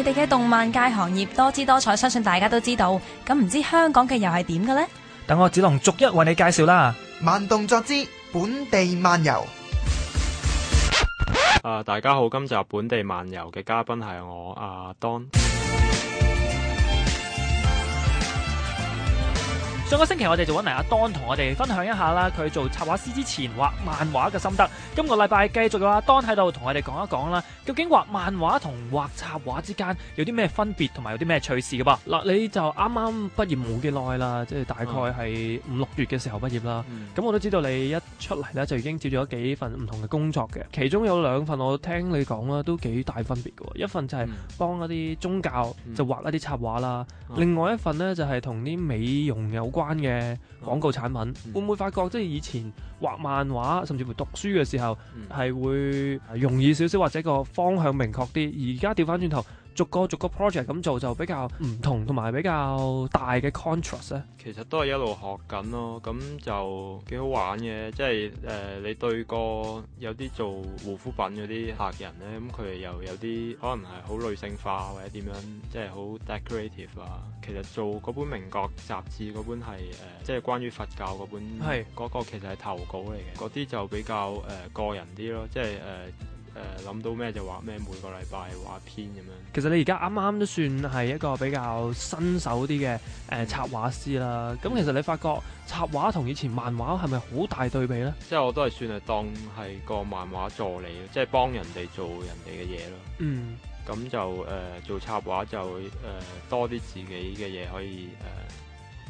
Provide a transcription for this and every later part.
佢哋嘅動漫界行業多姿多彩，相信大家都知道。咁唔知香港嘅又係點嘅呢？等我子龍逐一為你介紹啦！慢動作之本地漫遊。啊，大家好，今集本地漫遊嘅嘉賓係我阿當。啊 Don 上個星期我哋就搵嚟阿當同我哋分享一下啦，佢做插畫師之前畫漫畫嘅心得。今個禮拜繼續嘅阿當喺度同我哋講一講啦，究竟畫漫畫同畫插畫之間有啲咩分別，同埋有啲咩趣事嘅噃。嗱，你就啱啱畢業冇幾耐啦，嗯、即係大概係五六月嘅時候畢業啦。咁、嗯、我都知道你一出嚟咧就已經接咗幾份唔同嘅工作嘅，其中有兩份我聽你講啦都幾大分別嘅。一份就係幫一啲宗教就畫一啲插畫啦，嗯嗯嗯、另外一份呢，就係同啲美容有關。關嘅廣告產品，嗯、會唔會發覺即係、就是、以前畫漫畫甚至乎讀書嘅時候係、嗯、會容易少少或者個方向明確啲？而家調翻轉頭。逐個逐個 project 咁做就比較唔同，同埋比較大嘅 contrast 咧。其實都係一路學緊咯，咁就幾好玩嘅。即係誒、呃，你對個有啲做護膚品嗰啲客人咧，咁佢哋又有啲可能係好女性化或者點樣，即係好 decorative 啊。其實做嗰本明國雜誌嗰本係誒、呃，即係關於佛教嗰本。係是。嗰個其實係投稿嚟嘅，嗰啲就比較誒、呃、個人啲咯，即係誒。呃誒諗、呃、到咩就話咩，每個禮拜畫一篇咁樣。其實你而家啱啱都算係一個比較新手啲嘅誒插畫師啦。咁、嗯、其實你發覺插畫同以前漫畫係咪好大對比咧？即係我都係算係當係個漫畫助理，即係幫人哋做人哋嘅嘢咯。嗯。咁就誒、呃、做插畫就誒、呃、多啲自己嘅嘢，可以誒。呃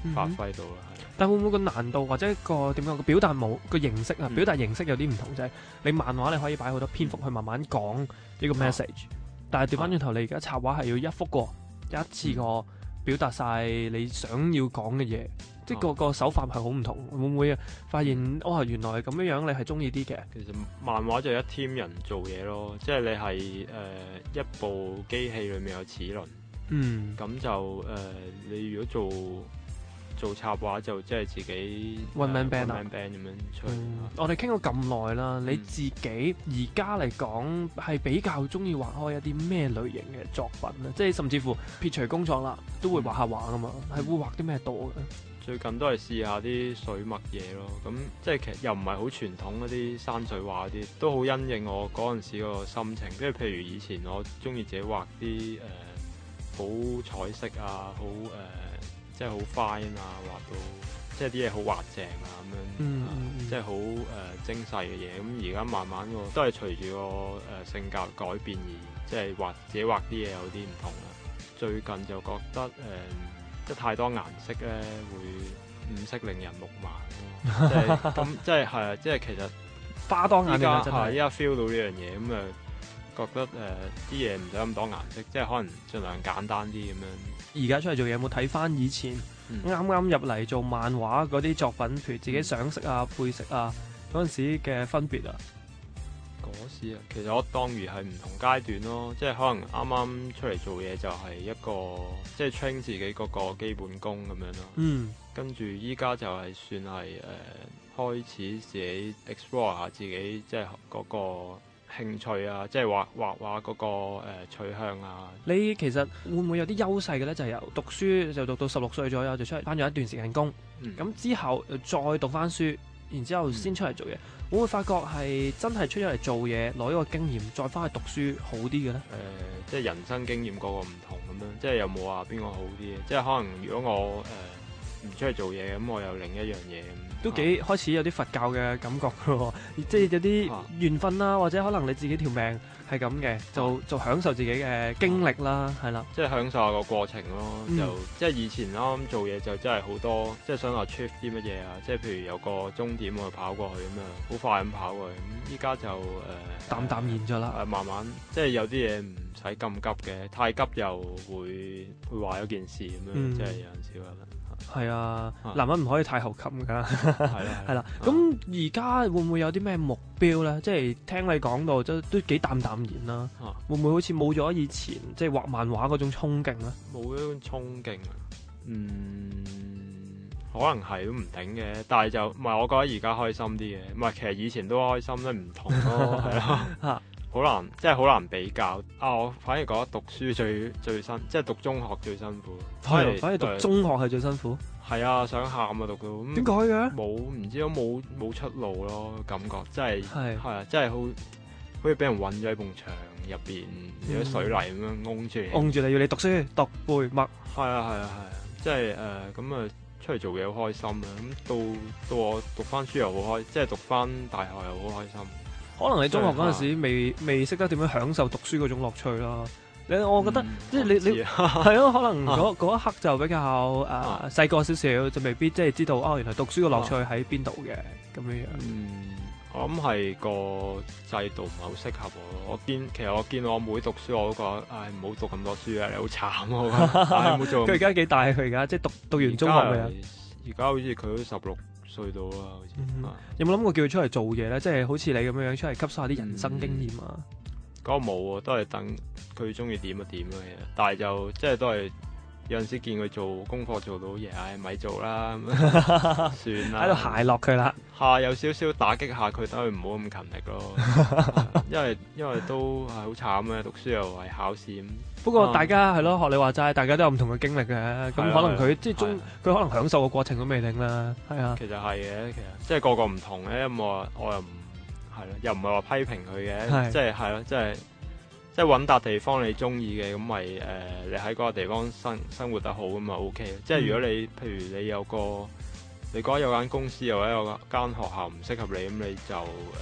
嗯、發揮到啦，但會唔會個難度或者、那個點樣個表達冇、那個形式啊？嗯、表達形式有啲唔同，啫。你漫畫你可以擺好多篇幅去慢慢講呢個 message，啊、但係調翻轉頭，你而家插畫係要一幅過、哦、一次過表達晒你想要講嘅嘢，嗯、即個個手法係好唔同。啊、會唔會發現哦？原來係咁樣樣，你係中意啲嘅？其實漫畫就一 team 人做嘢咯，即係你係誒、呃、一部機器裏面有齒輪，嗯，咁就誒、呃、你如果做。做插畫就即係自己 one man band 咁樣出。嗯嗯、我哋傾咗咁耐啦，你自己而家嚟講係比較中意畫開一啲咩類型嘅作品咧？即係甚至乎撇除工作啦，都會畫下畫噶嘛？係、嗯、會畫啲咩多嘅？最近都係試下啲水墨嘢咯。咁即係其實又唔係好傳統嗰啲山水畫啲，都好因應我嗰陣時個心情。即係譬如以前我中意自己畫啲誒好彩色啊，好誒。即係好 fine 啊，畫到即係啲嘢好畫正啊咁樣，即係好誒精細嘅嘢。咁而家慢慢都、嗰個都係隨住個誒性格改變而即係畫自己畫啲嘢有啲唔同啦。最近就覺得誒、呃，即係太多顏色咧，會五色令人目盲。咁 即係係啊，即係其實花多眼亂啊！依家 feel 到呢樣嘢咁啊～覺得誒，啲嘢唔使咁多顏色，即係可能盡量簡單啲咁樣。而家出嚟做嘢有冇睇翻以前啱啱入嚟做漫畫嗰啲作品，譬如自己上色啊、配色啊嗰陣時嘅分別啊？嗰時啊，其實我當然係唔同階段咯，即係可能啱啱出嚟做嘢就係一個即係、就是、train 自己嗰個基本功咁樣咯。嗯，跟住依家就係算係誒、呃、開始自己 explore 下自己即係嗰、那個。興趣啊，即係畫畫畫嗰、嗰個、呃、取向啊。你其實會唔會有啲優勢嘅咧？就係、由讀書就讀到十六歲左右就出嚟翻咗一段時間工，咁、嗯、之後再讀翻書，然後之後先出嚟做嘢。會唔、嗯、會發覺係真係出咗嚟做嘢攞一個經驗，再翻去讀書好啲嘅咧？誒、呃，即係人生經驗個個唔同咁樣，即係有冇話邊個好啲？即係可能如果我誒。呃唔出去做嘢，咁我有另一樣嘢。都幾開始有啲佛教嘅感覺嘅喎，啊、即係有啲緣分啦，或者可能你自己條命係咁嘅，就、啊、就享受自己嘅經歷啦，係啦，即係享受下個過程咯。就即係以前啱啱做嘢就真係好多，即係想話 achieve 啲乜嘢啊，即係譬如有個終點啊，跑過去咁啊，好快咁跑過去。咁依家就誒、呃、淡淡然咗啦、呃，慢慢即係有啲嘢。使咁急嘅，太急又會會壞咗件事咁樣，嗯、即係有陣時話啦。係啊，啊男人唔可以太後襟㗎，係啦、啊，係啦、 啊。咁而家會唔會有啲咩目標咧？即係聽你講到都都幾淡淡然啦、啊。啊、會唔會好似冇咗以前即係、就是、畫漫畫嗰種衝勁咧？冇咗衝勁啊？嗯，可能係都唔頂嘅，但係就唔係我覺得而家開心啲嘅，唔係其實以前都開心，都唔同咯，係啊。好難，即係好難比較。啊，我反而覺得讀書最最辛，即係讀中學最辛苦。係，反而來讀中學係最辛苦。係啊，想喊啊，讀到點解嘅？冇，唔知都冇冇出路咯，感覺真係，係啊，真係的好好似俾人韞咗喺埲牆入邊，有啲水泥咁樣㧬住。㧬住你要你讀書，讀背默。係啊，係啊，係啊，即係誒，咁啊、嗯、出嚟做嘢好開心啊！咁到到我讀翻書又好開，即係讀翻大學又好開心。可能喺中學嗰陣時未未識得點樣享受讀書嗰種樂趣咯。你我覺得即係你你係咯，可能嗰一刻就比較誒細個少少，就未必即係知道哦，原來讀書嘅樂趣喺邊度嘅咁樣樣。嗯，我諗係個制度唔係好適合我。我見其實我見我妹讀書，我都覺得：「唉，唔好讀咁多書啊，你好慘啊！」佢而家幾大？佢而家即係讀讀完中學未啊？而家好似佢都十六。隧道啦、啊，好似、嗯啊、有冇諗過叫佢出嚟做嘢咧？即係好似你咁樣樣出嚟吸收下啲人生經驗啊！嗰個冇啊，都係等佢中意點啊點啊，其實，但係就即係都係。有陣時見佢做功課做到，嘢！咪做啦，算啦，喺度鞋落佢啦。吓，有少少打擊下佢，等佢唔好咁勤力咯。因為因為都係好慘呀，讀書又係考試。不過大家係咯，學你話齋，大家都有唔同嘅經歷嘅。咁可能佢即係中，佢可能享受嘅過程都未定啦。係啊，其實係嘅，其實即係個個唔同嘅。咁我我又唔係咯，又唔係話批評佢嘅，即係係咯，即係。即係搵笪地方你中意嘅，咁咪誒，你喺嗰個地方生生活得好咁咪 O K。即係如果你譬如你有個你覺得有間公司或者有間學校唔適合你，咁、嗯、你就誒、呃，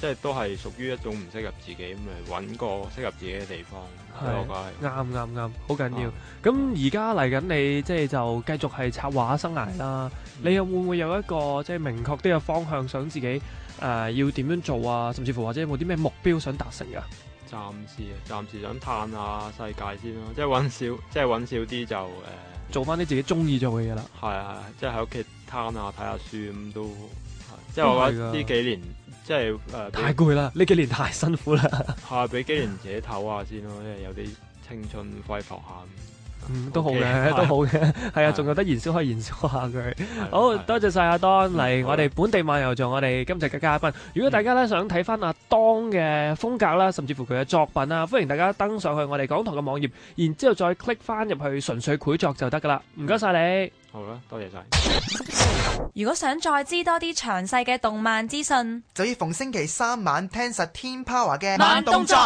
即係都係屬於一種唔適合自己，咁咪搵個適合自己嘅地方。係，我覺得係啱啱啱，好緊要。咁而家嚟緊你即係就繼續係策劃生涯啦。嗯、你又會唔會有一個即係明確啲嘅方向，想自己誒、呃、要點樣做啊？甚至乎或者有冇啲咩目標想達成㗎？暫時啊，暫時想嘆下世界先咯，即係揾少，即係揾少啲就誒、呃、做翻啲自己中意做嘅嘢啦。係啊，係啊，就是，看看即係喺屋企攤下睇下書咁都，即係我覺得呢幾年即係誒、呃、太攰啦，呢被幾年太辛苦啦，怕 俾幾年自己唞下先咯，因為有啲青春揮霍下。嗯，都好嘅，都好嘅，係啊，仲有得燃燒可以燃燒下佢。好多謝晒阿當嚟我哋本地漫遊做我哋今集嘅嘉賓。如果大家咧想睇翻阿當嘅風格啦，甚至乎佢嘅作品啊，歡迎大家登上去我哋港台嘅網頁，然之後再 click 翻入去純粹繪作就得噶啦。唔該晒你。好啦，多謝晒。如果想再知多啲詳細嘅動漫資訊，就要逢星期三晚聽實天 Power 嘅慢動作。